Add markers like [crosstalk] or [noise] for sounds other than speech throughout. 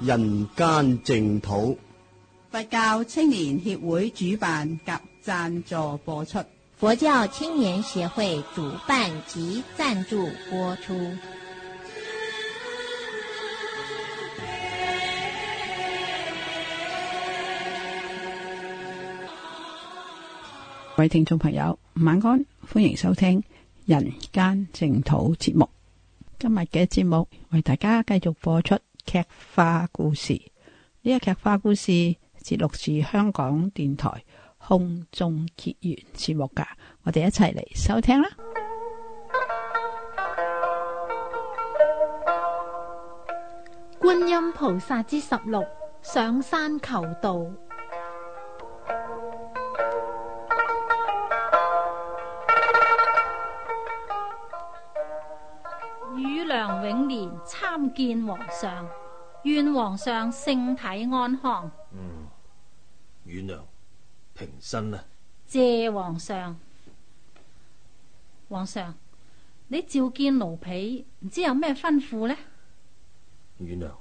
人間淨土，佛教青年協會主辦及贊助播出。佛教青年協會主辦及贊助播出。各位聽眾朋友，晚安，歡迎收聽《人間淨土》節目。今日嘅節目為大家繼續播出。劇化故事。呢個劇化故事節錄住香港電台空中結緣節目噶，我哋一齊嚟收聽啦！觀音菩薩之十六，上山求道。見皇上，願皇上聖體安康。嗯，阮娘平身啦。謝皇上，皇上你召見奴婢，唔知有咩吩咐呢？阮娘，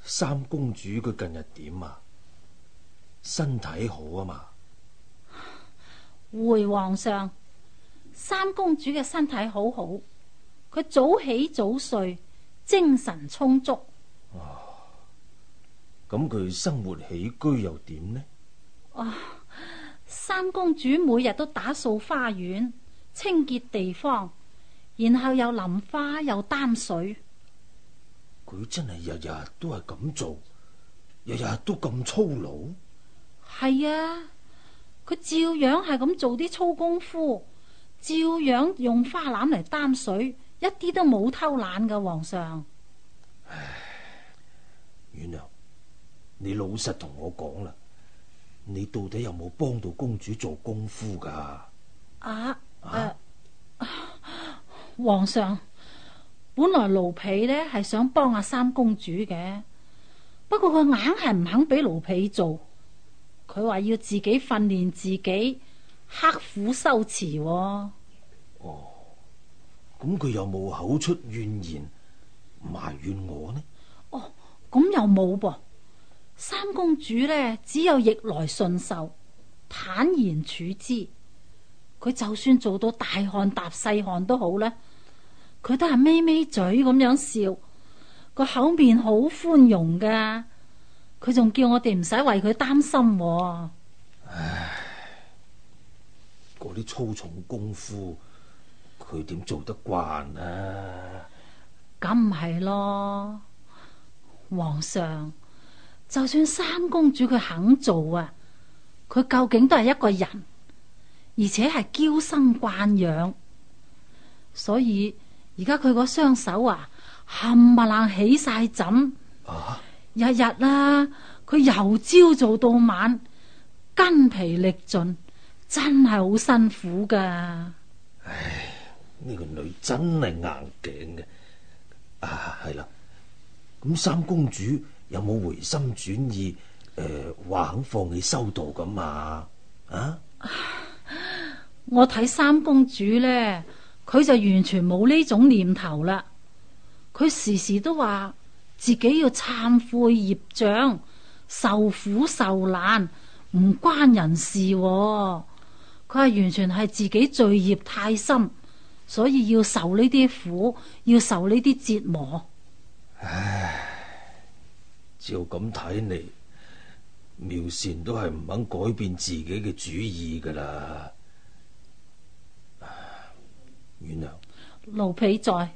三公主佢近日點啊？身體好啊嘛？回皇上，三公主嘅身體好好，佢早起早睡。精神充足哦，咁佢生活起居又點呢？啊，三公主每日都打掃花園、清潔地方，然後又淋花又擔水。佢真係日日都係咁做，日日都咁粗魯。係啊，佢照樣係咁做啲粗功夫，照樣用花籃嚟擔水。一啲都冇偷懶噶，皇上。唉，原諒你老實同我講啦，你到底有冇幫到公主做功夫噶？啊，呃、啊皇上，本來奴婢呢係想幫阿三公主嘅，不過佢硬係唔肯俾奴婢做，佢話要自己訓練自己，刻苦修持。咁佢又冇口出怨言，埋怨我呢？哦，咁又冇噃。三公主呢，只有逆來順受，坦然處之。佢就算做到大漢搭細漢都好咧，佢都係咪咪嘴咁樣笑，個口面好寬容噶。佢仲叫我哋唔使為佢擔心喎。唉，嗰啲粗重功夫。佢點做得慣啊？咁唔係咯，皇上，就算三公主佢肯做啊，佢究竟都係一個人，而且係嬌生慣養，所以而家佢個雙手啊，冚唪冷起晒枕。啊、日日啦、啊，佢由朝做到晚，筋疲力盡，真係好辛苦噶。唉呢個女真係硬頸嘅啊，係啦。咁三公主有冇回心轉意？誒、呃，話肯放棄修道咁啊？啊！啊我睇三公主呢，佢就完全冇呢種念頭啦。佢時時都話自己要懺悔業障，受苦受難，唔關人事，啊。佢係完全係自己罪孽太深。所以要受呢啲苦，要受呢啲折磨。唉，照咁睇嚟，妙善都係唔肯改變自己嘅主意㗎喇。唉，原諒，奴婢在。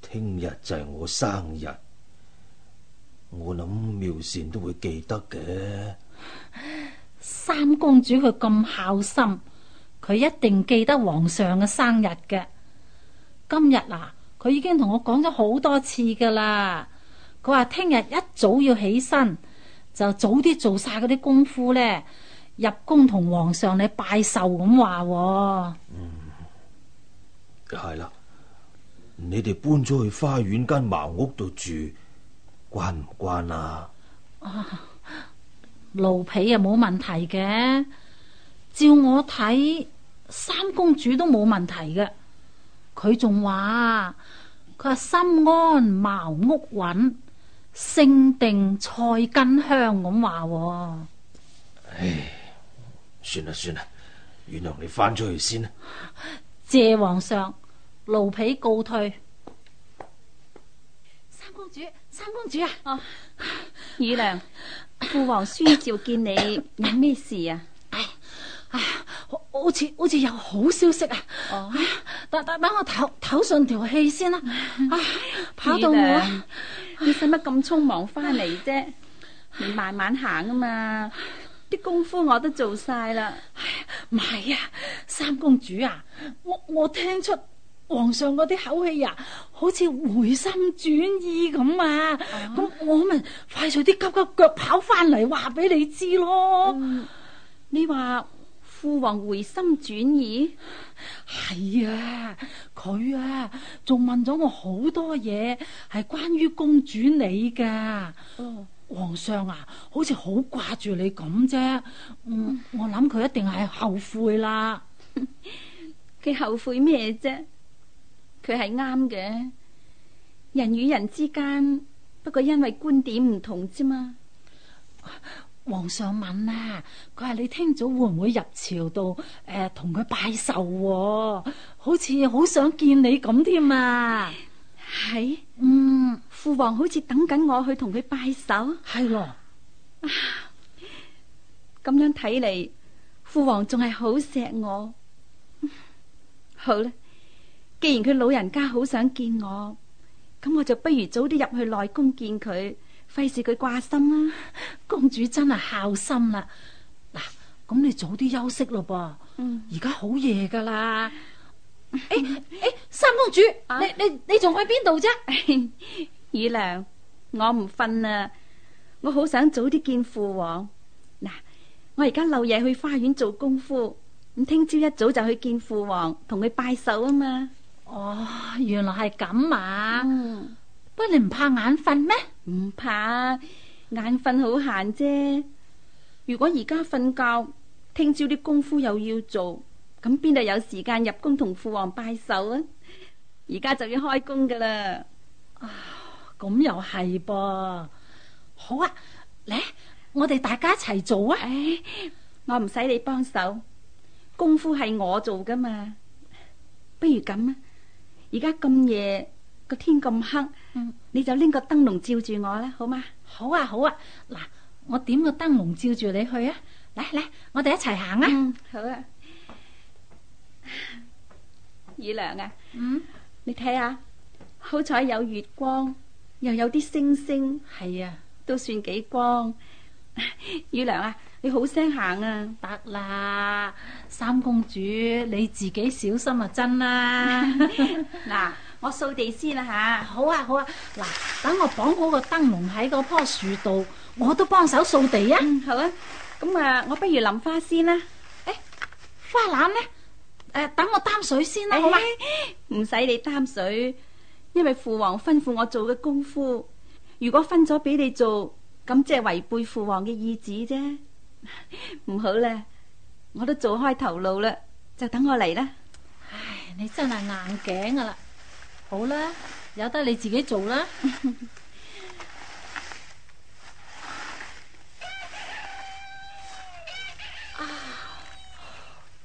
聽日就係我生日，我諗妙善都會記得嘅。三公主佢咁孝心。佢一定記得皇上嘅生日嘅。今日啊，佢已經同我講咗好多次噶啦。佢話聽日一早要起身，就早啲做晒嗰啲功夫咧，入宮同皇上你拜壽咁話。嗯，係啦。你哋搬咗去花園間茅屋度住，關唔關啊？啊，奴婢啊冇問題嘅。照我睇。三公主都冇問題嘅，佢仲話佢話心安茅屋穩，性定菜根香咁話。唉，算啦算啦，元娘你翻出去先啦。謝皇上，奴婢告退。三公主，三公主啊！哦、元娘，父皇宣召見你，有咩 [coughs] 事啊？哎好似好似有好消息啊！哎呀、哦，等等我唞唞上條氣先啦、啊。哎跑到我、啊，的你使乜咁匆忙翻嚟啫？唉你慢慢行啊嘛，啲功夫我都做晒啦。唔係啊，三公主啊，我我聽出皇上嗰啲口氣啊，好似回心轉意咁啊！咁、哦、我咪快脆啲急急腳跑翻嚟話俾你知咯。嗯、你話？父王回心轉意，係啊，佢啊仲問咗我好多嘢，係關於公主你噶。哦、皇上啊，好似好掛住你咁啫、嗯。我諗佢一定係後悔啦。佢 [laughs] 後悔咩啫？佢係啱嘅。人與人之間，不過因為觀點唔同啫嘛。皇上問啊，佢話你聽早會唔會入朝度誒同佢拜壽、啊，好似好想見你咁添啊！係嗎嗯，父皇好似等緊我去同佢拜壽。係咯的，咁、啊、樣睇嚟，父皇仲係好錫我。 [laughs] 好啦，既然佢老人家好想見我，咁我就不如早啲入去內宮見佢。費事佢掛心啦、啊，公主真係孝心啦。嗱，咁你早啲休息咯噃，而家好夜噶啦。誒誒、欸欸，三公主，啊、你你你仲去邊度啫？姨娘， [laughs] 我唔瞓啦，我好想早啲見父王。嗱，我而家漏夜去花園做功夫，咁聽朝一早就去見父王，同佢拜壽啊嘛。哦，原來係咁啊。嗯不，你唔怕眼瞓咩？唔怕，眼瞓好閒啫。如果而家瞓覺，聽朝啲功夫又要做，咁邊度有時間入宮同父王拜壽啊？而家就要開工噶啦。啊，咁又係噃。好啊，嚟，我哋大家一齊做啊！唉，我唔使你幫手，功夫係我做噶嘛。不如咁啊，而家咁夜。天咁黑，嗯，你就拎個燈籠照住我啦，好嗎？好啊，好啊，嗱，我點個燈籠照住你去來來啊！嚟嚟，我哋一齊行啊！好啊，雨良啊，嗯，你睇下，好彩有月光，又有啲星星，係啊，都算幾光。雨良啊，你好聲行啊！得啦，三公主你自己小心啊，真啦， [laughs] 嗱。我掃地先啦，吓好啊，好啊。嗱，等我綁好個燈籠喺嗰棵樹度，我都幫手掃地啊。好啊，咁啊，我不如淋花先啦。誒，花籃咧，誒，等我擔水先啦，好嘛？唔使你擔水，因為父王吩咐我做嘅功夫，如果分咗俾你做，咁即係違背父王嘅意志啫。唔好啦，我都做開頭腦啦，就等我嚟啦。唉，你真係硬頸噶啦。好啦，有得你自己做啦。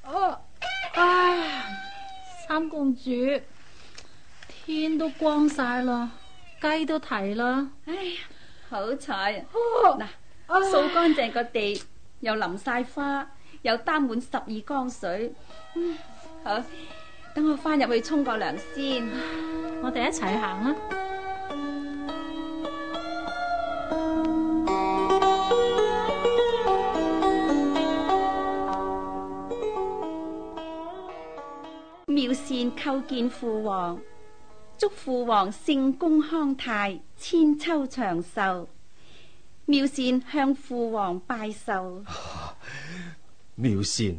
啊， [laughs] 三公主，天都光晒啦，雞都啼啦。哎呀，好彩啊！嗱，掃乾淨個地，唉又淋晒花，又擔滿十二缸水。嗯、好，等我返入去沖個涼先。我哋一齊行啦！妙善叩見父王，祝父王聖功康泰，千秋長壽。妙善向父王拜壽。啊，妙善，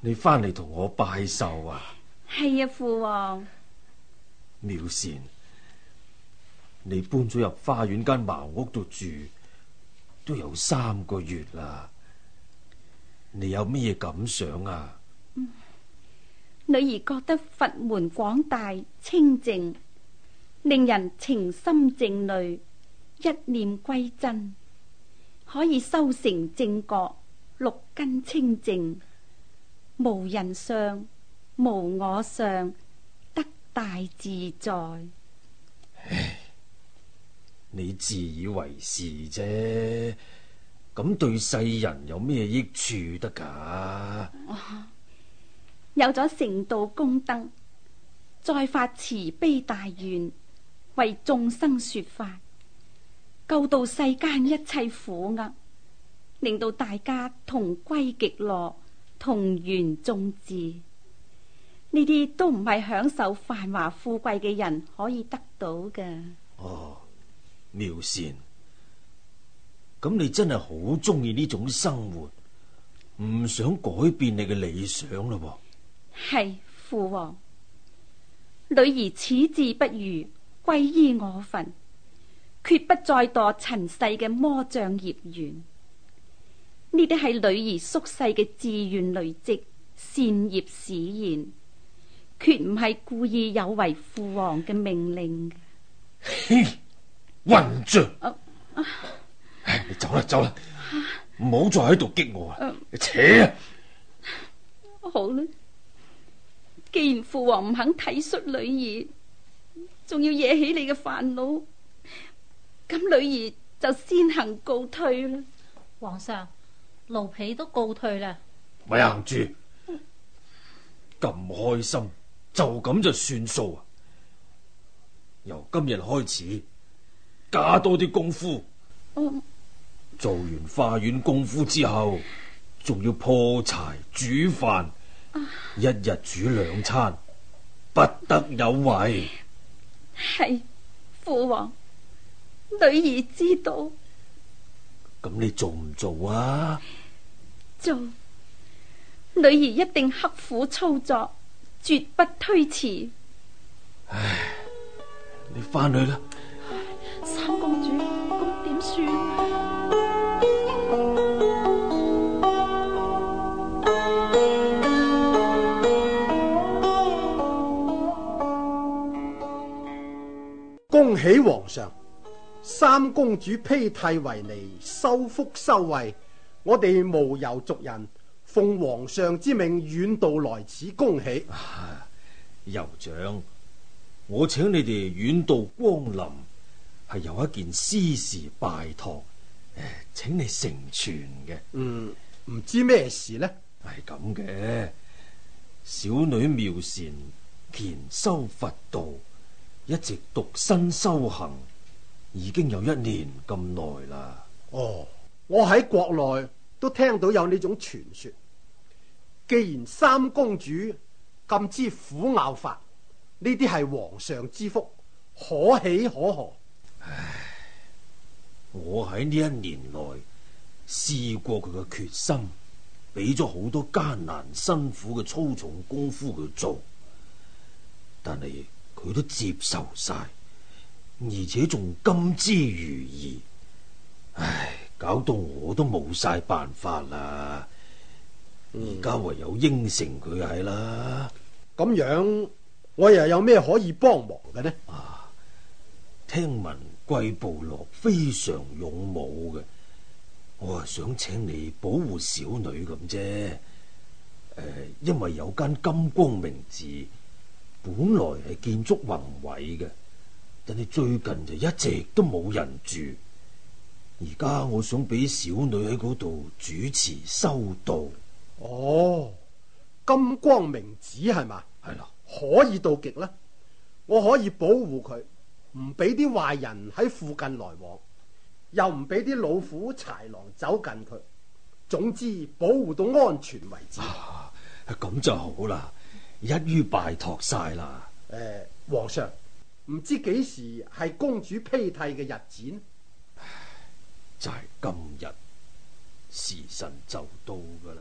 你翻嚟同我拜壽啊！係啊，父王。妙善，你搬咗入花園間茅屋度住都有三個月啦，你有咩嘢感想啊？女兒覺得佛門廣大清淨，令人情心靜慮，一念歸真，可以修成正覺，六根清淨，無人相，無我相。大自在，唉，你自以為是啫，咁對世人有咩益處得噶？哦，有咗成道功德，再發慈悲大願，為眾生說法，救度世間一切苦厄，令到大家同歸極樂，同圓種智。呢啲都唔係享受繁華富貴嘅人可以得到㗎。哦，妙善，咁你真係好中意呢種生活，唔想改變你嘅理想咯，哦？係父王，女兒此志不渝，歸依我墳，決不再墮塵世嘅魔障業緣。呢啲係女兒宿世嘅志願累積善業使然。決唔係故意有違父王嘅命令。混着，你走啦，走啦，唔好再喺度激我啊！扯啊，好啦，既然父王唔肯體恤女兒，仲要惹起你嘅煩惱，咁女兒就先行告退啦。皇上，奴婢都告退啦。咪行住，咁開心。就咁就算數啊！由今日開始，加多啲功夫。哦、做完花園功夫之後，仲要破柴煮飯，哦、一日煮兩餐，不得有違。係，父王，女兒知道。咁你做唔做啊？做，女兒一定刻苦操作。絕不推辭。唉，你翻去啦。三公主，咁點算？恭喜皇上，三公主披剃為尼，修福修慧，我哋無由族人。奉皇上之命遠道來此恭喜，啊，酋長，我請你哋遠道光臨，係有一件私事拜託，誒，請你成全嘅。嗯，唔知咩事呢？係咁嘅，小女妙善虔修佛道，一直獨身修行，已經有一年咁耐啦。哦，我喺國內都聽到有呢種傳說。既然三公主咁知苦咬法，呢啲係皇上之福，可喜可賀。唉，我喺呢一年內試過佢嘅決心，俾咗好多艱難辛苦嘅粗重功夫佢做，但係佢都接受晒，而且仲甘之如飴。唉，搞到我都冇晒辦法啦。而家唯有應承佢係啦。咁樣我又有咩可以幫忙嘅呢？啊，聽聞貴部落非常勇武嘅，我係想請你保護小女咁啫。誒、呃，因為有間金光明寺，本來係建築宏偉嘅，但係最近就一直都冇人住。而家我想俾小女喺嗰度主持修道。哦，金光明子係嘛？係啦，的可以到極啦。我可以保護佢，唔俾啲壞人喺附近來往，又唔俾啲老虎豺狼走近佢。總之，保護到安全為止。咁、啊、就好啦，一於拜託晒啦。誒、呃，皇上，唔知幾時係公主披剃嘅日子、啊？就係、是、今日，時辰就到噶啦。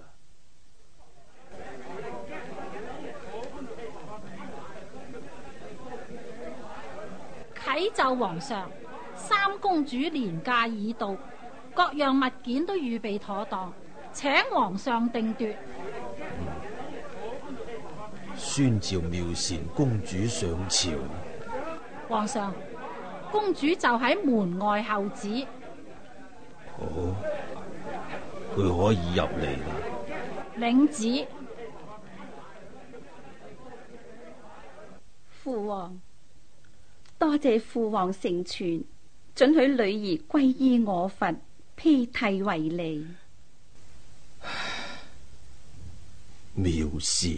啟奏皇上，三公主年嫁已到，各樣物件都預備妥當，請皇上定奪、嗯。宣召妙善公主上朝。皇上，公主就喺門外候旨。哦，佢可以入嚟啦。領旨子。父王。多謝父王成全，准許女兒皈依我佛，披剃為尼。妙善，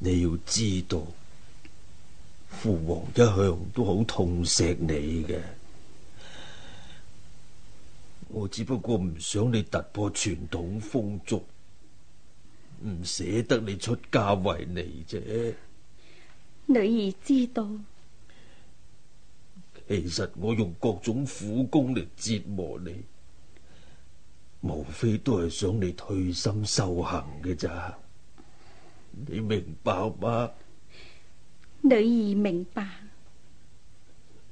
你要知道，父王一向都好痛惜你嘅，我只不過唔想你突破傳統風俗，唔捨得你出家為尼啫。女兒知道。其實我用各種苦功嚟折磨你，無非都係想你退心修行嘅咋？你明白嗎？女兒明白。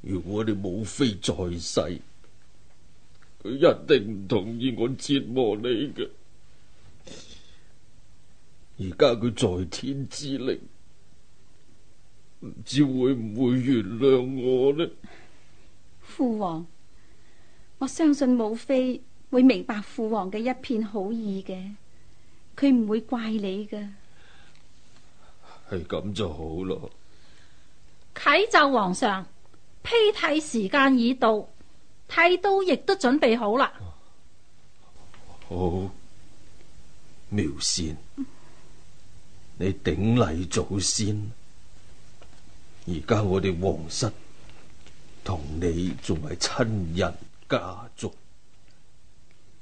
如果你母妃在世，佢一定唔同意我折磨你嘅。而家佢在天之靈，唔知會唔會原諒我呢？父王，我相信母妃會明白父王嘅一片好意嘅，佢唔會怪你嘅。係咁就好咯。啟奏皇上，披剃時間已到，剃刀亦都準備好啦、啊。好，妙善，嗯、你頂禮祖先，而家我哋皇室。.同你仲係親人家族，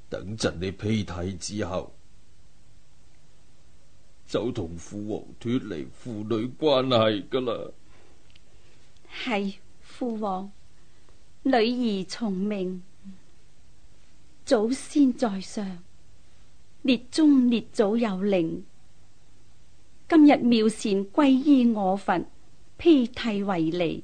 等陣你披剃之後，就同父王脫離父女關係噶啦。係父王，女兒從命。祖先在上，列宗列祖有靈，今日妙善皈依我佛，披剃為尼。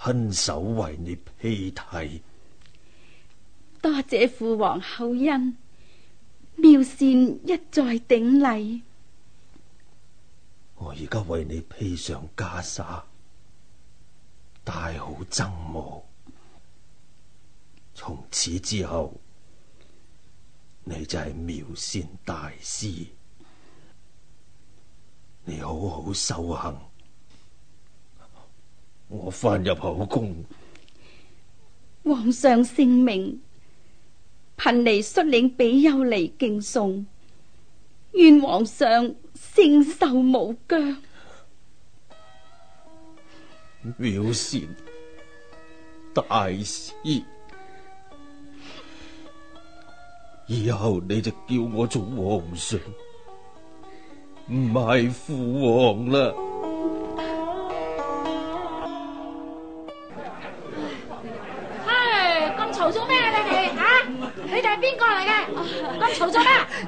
親手為你披剃，多謝父皇厚恩，妙善一再頂禮。我而家為你披上袈裟，戴好僧帽，從此之後，你就係妙善大師，你好好修行。我返入口宮，皇上聖明，貧尼率領比丘尼敬送，願皇上聖壽無疆。妙善大師，以後你就叫我做皇上，唔係父王啦。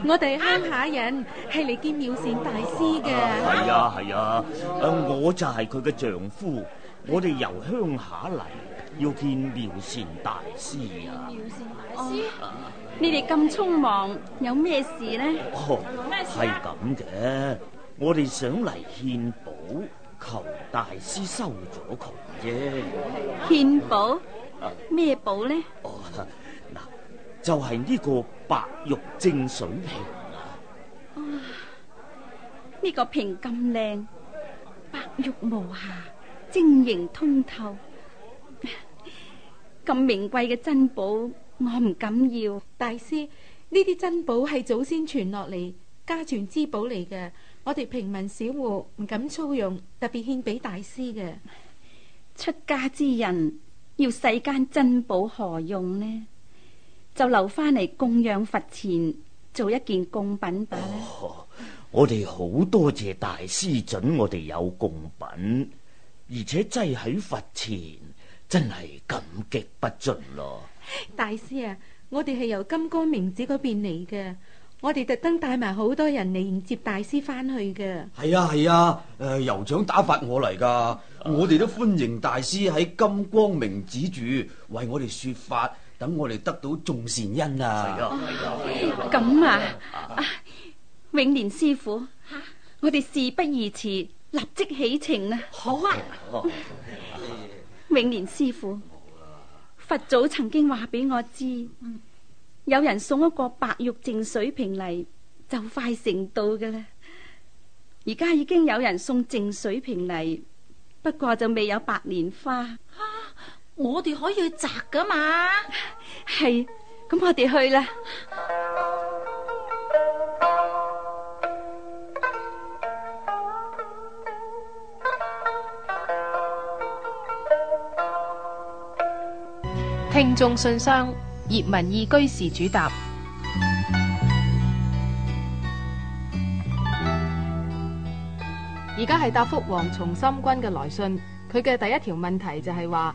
我哋鄉下人係嚟見妙善大師嘅。係啊，係啊，誒、啊啊，我就係佢嘅丈夫。我哋由鄉下嚟，要見妙善大師啊！妙善大師，哦、你哋咁匆忙，有咩事呢？哦，係咁嘅，我哋想嚟獻寶，求大師收咗佢啫。獻寶？咩寶呢、啊？哦。就係呢個白玉淨水瓶啊！呢、這個瓶咁靚，白玉無瑕，晶瑩通透，咁 [laughs] 名貴嘅珍寶，我唔敢要。大師，呢啲珍寶係祖先傳落嚟家傳之寶嚟嘅，我哋平民小戶唔敢粗用，特別獻俾大師嘅。出家之人，要世間珍寶何用呢？就留翻嚟，供養佛前做一件供品吧。哦、我哋好多謝大師准我哋有供品，而且祭喺佛前，真係感激不盡咯。大師啊，我哋係由金光明寺嗰邊嚟嘅，我哋特登帶埋好多人嚟迎接大師翻去嘅。係啊係啊，誒、啊，酋、呃、長打發我嚟噶，呃、我哋都歡迎大師喺金光明寺住，為我哋說法。等我哋得到眾善恩啊！咁啊，永年師傅，我哋事不宜遲，立即起程啊。好啊， [laughs] 永年師傅，佛祖曾經話俾我知，有人送一個白玉淨水瓶嚟，就快成道噶啦。而家已經有人送淨水瓶嚟，不過就未有白蓮花。我哋可以去摘㗎嘛？係咁，我哋去啦。聽眾信箱，葉文義居士主答。而家係答覆黃松森君嘅來信，佢嘅第一條問題就係話。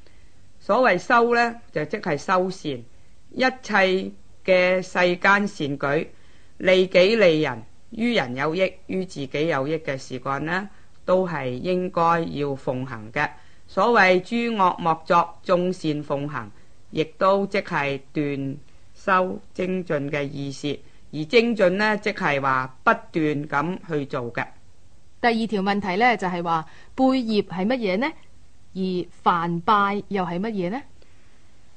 所謂修呢，就即係修善，一切嘅世間善舉，利己利人，於人有益，於自己有益嘅事幹呢，都係應該要奉行嘅。所謂諸惡莫作，眾善奉行，亦都即係斷修精進嘅意思，而精進呢，即係話不斷咁去做嘅。第二條問題呢，就係話背業係乜嘢呢？而凡拜又係乜嘢呢？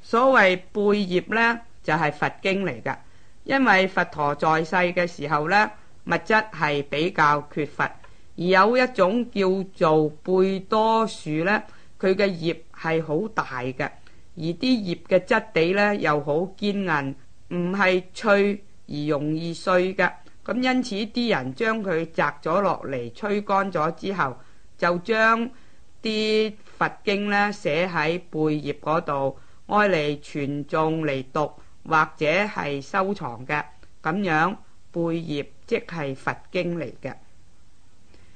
所謂貝葉呢，就係、是、佛經嚟噶。因為佛陀在世嘅時候呢，物質係比較缺乏，而有一種叫做貝多樹呢，佢嘅葉係好大嘅，而啲葉嘅質地呢又好堅韌，唔係脆而容易碎噶。咁因此啲人將佢摘咗落嚟，吹乾咗之後，就將啲。佛經呢寫喺貝葉嗰度，愛嚟傳誦嚟讀，或者係收藏嘅咁樣。貝葉即係佛經嚟嘅。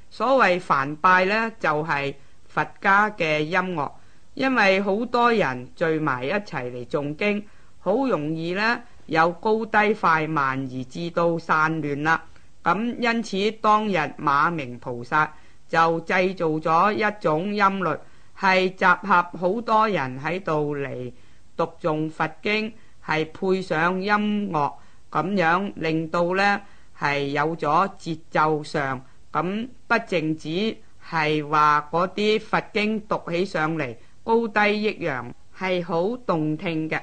所謂梵唄呢，就係佛家嘅音樂，因為好多人聚埋一齊嚟誦經，好容易呢，有高低快慢，而至到散亂啦。咁因此當日馬鳴菩薩就製造咗一種音律。係集合好多人喺度嚟讀誦佛經，係配上音樂咁樣，令到呢係有咗節奏上咁，不淨止係話嗰啲佛經讀起上嚟高低抑揚，係好動聽嘅。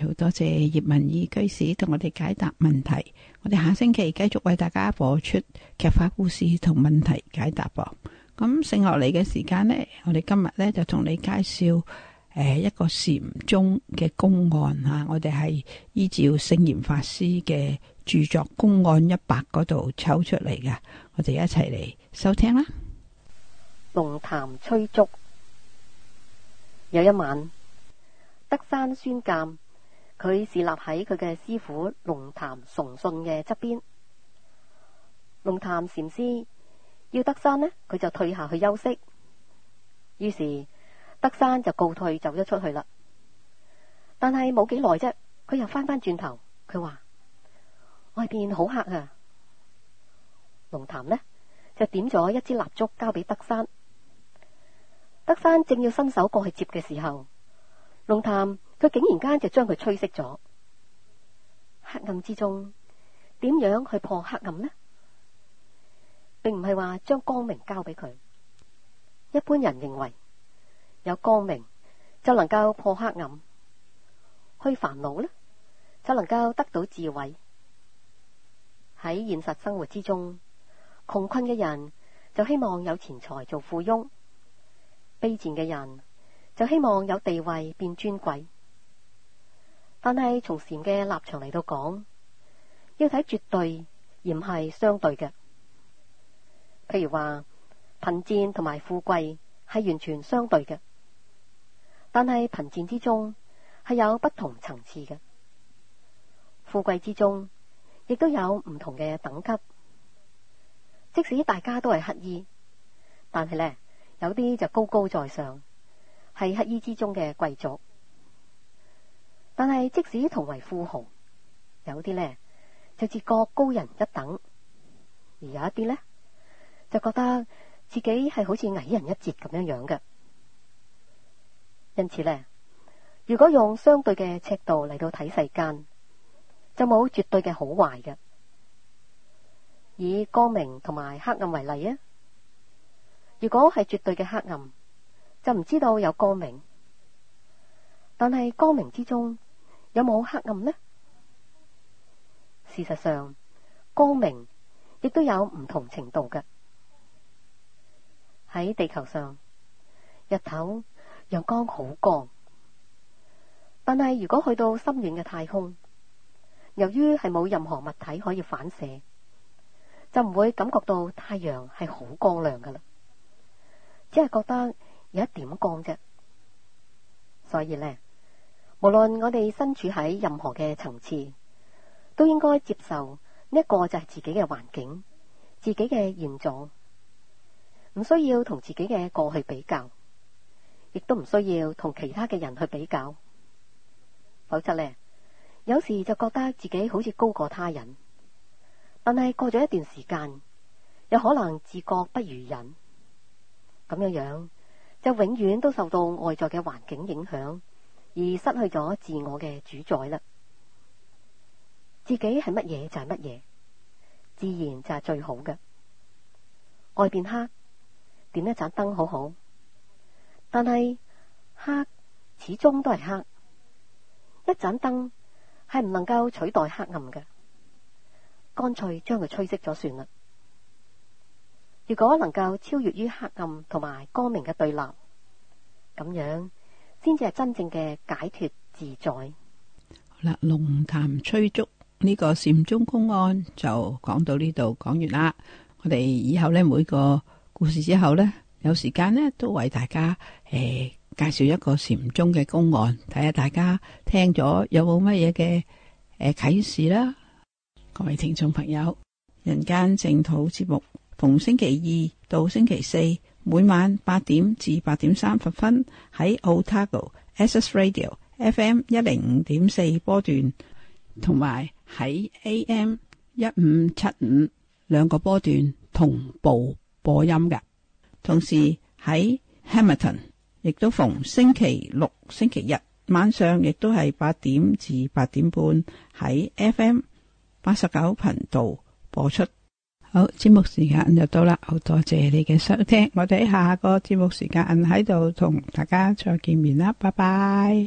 好多謝葉文義居士同我哋解答問題，我哋下星期繼續爲大家播出劇法故事同問題解答噃。咁剩落嚟嘅時間呢，我哋今日呢，就同你介紹誒、呃、一個禪宗嘅公案吓、啊，我哋係依照聖嚴法師嘅著作《公案一百》嗰度抽出嚟噶，我哋一齊嚟收聽啦。龍潭吹燭，有一晚，德山宣鑒佢侍立喺佢嘅師傅龍潭崇信嘅側邊，龍潭禪師。要德山呢，佢就退下去休息。於是德山就告退，走咗出去啦。但係冇幾耐啫，佢又翻翻轉頭，佢話外邊好黑啊！龍潭呢，就點咗一支蠟燭交俾德山。德山正要伸手過去接嘅時候，龍潭佢竟然間就將佢吹熄咗。黑暗之中，點樣去破黑暗呢？並唔係話將光明交俾佢。一般人認為有光明就能夠破黑暗，去煩惱咧，就能夠得到智慧。喺現實生活之中，窮困嘅人就希望有錢財做富翁，卑賤嘅人就希望有地位變尊貴。但係從禪嘅立場嚟到講，要睇絕對而唔係相對嘅。譬如話貧賤同埋富貴係完全相對嘅，但係貧賤之中係有不同層次嘅，富貴之中亦都有唔同嘅等級。即使大家都係乞衣，但係呢，有啲就高高在上，係乞衣之中嘅貴族。但係即使同為富豪，有啲呢，就自覺高人一等，而有一啲呢。就覺得自己係好似矮人一截咁樣樣嘅，因此呢，如果用相對嘅尺度嚟到睇世間，就冇絕對嘅好壞嘅。以光明同埋黑暗為例啊，如果係絕對嘅黑暗，就唔知道有光明，但係光明之中有冇黑暗呢？事實上，光明亦都有唔同程度嘅。喺地球上，日頭陽光好光，但係如果去到深遠嘅太空，由於係冇任何物體可以反射，就唔會感覺到太陽係好光亮㗎喇，只係覺得有一點光啫。所以呢，無論我哋身處喺任何嘅層次，都應該接受呢一個就係自己嘅環境，自己嘅現狀。唔需要同自己嘅過去比較，亦都唔需要同其他嘅人去比較。否則呢，有時就覺得自己好似高過他人，但係過咗一段時間，有可能自覺不如人。咁樣樣就永遠都受到外在嘅環境影響，而失去咗自我嘅主宰啦。自己係乜嘢就係乜嘢，自然就係最好嘅。外邊黑。點一盞燈，好好，但係黑始終都係黑，一盞燈係唔能夠取代黑暗嘅，乾脆將佢吹熄咗算啦。如果能夠超越於黑暗同埋光明嘅對立，咁樣先至係真正嘅解脫自在。好啦，龍潭吹燭呢個禪宗公案就講到呢度講完啦。我哋以後呢每個。故事之後呢，有時間呢都為大家誒、欸、介紹一個禪宗嘅公案，睇下大家聽咗有冇乜嘢嘅誒啟示啦。各位聽眾朋友，人間淨土節目逢星期二到星期四每晚八點至八點三十分喺 Otago Access Radio FM 一零五點四波段，同埋喺 AM 一五七五兩個波段同步。播音嘅，同時喺 Hamilton 亦都逢星期六、星期日晚上，亦都係八點至八點半喺 FM 八十九頻道播出。好，節目時間又到啦，好多謝你嘅收聽，我哋下個節目時間喺度同大家再見面啦，拜拜。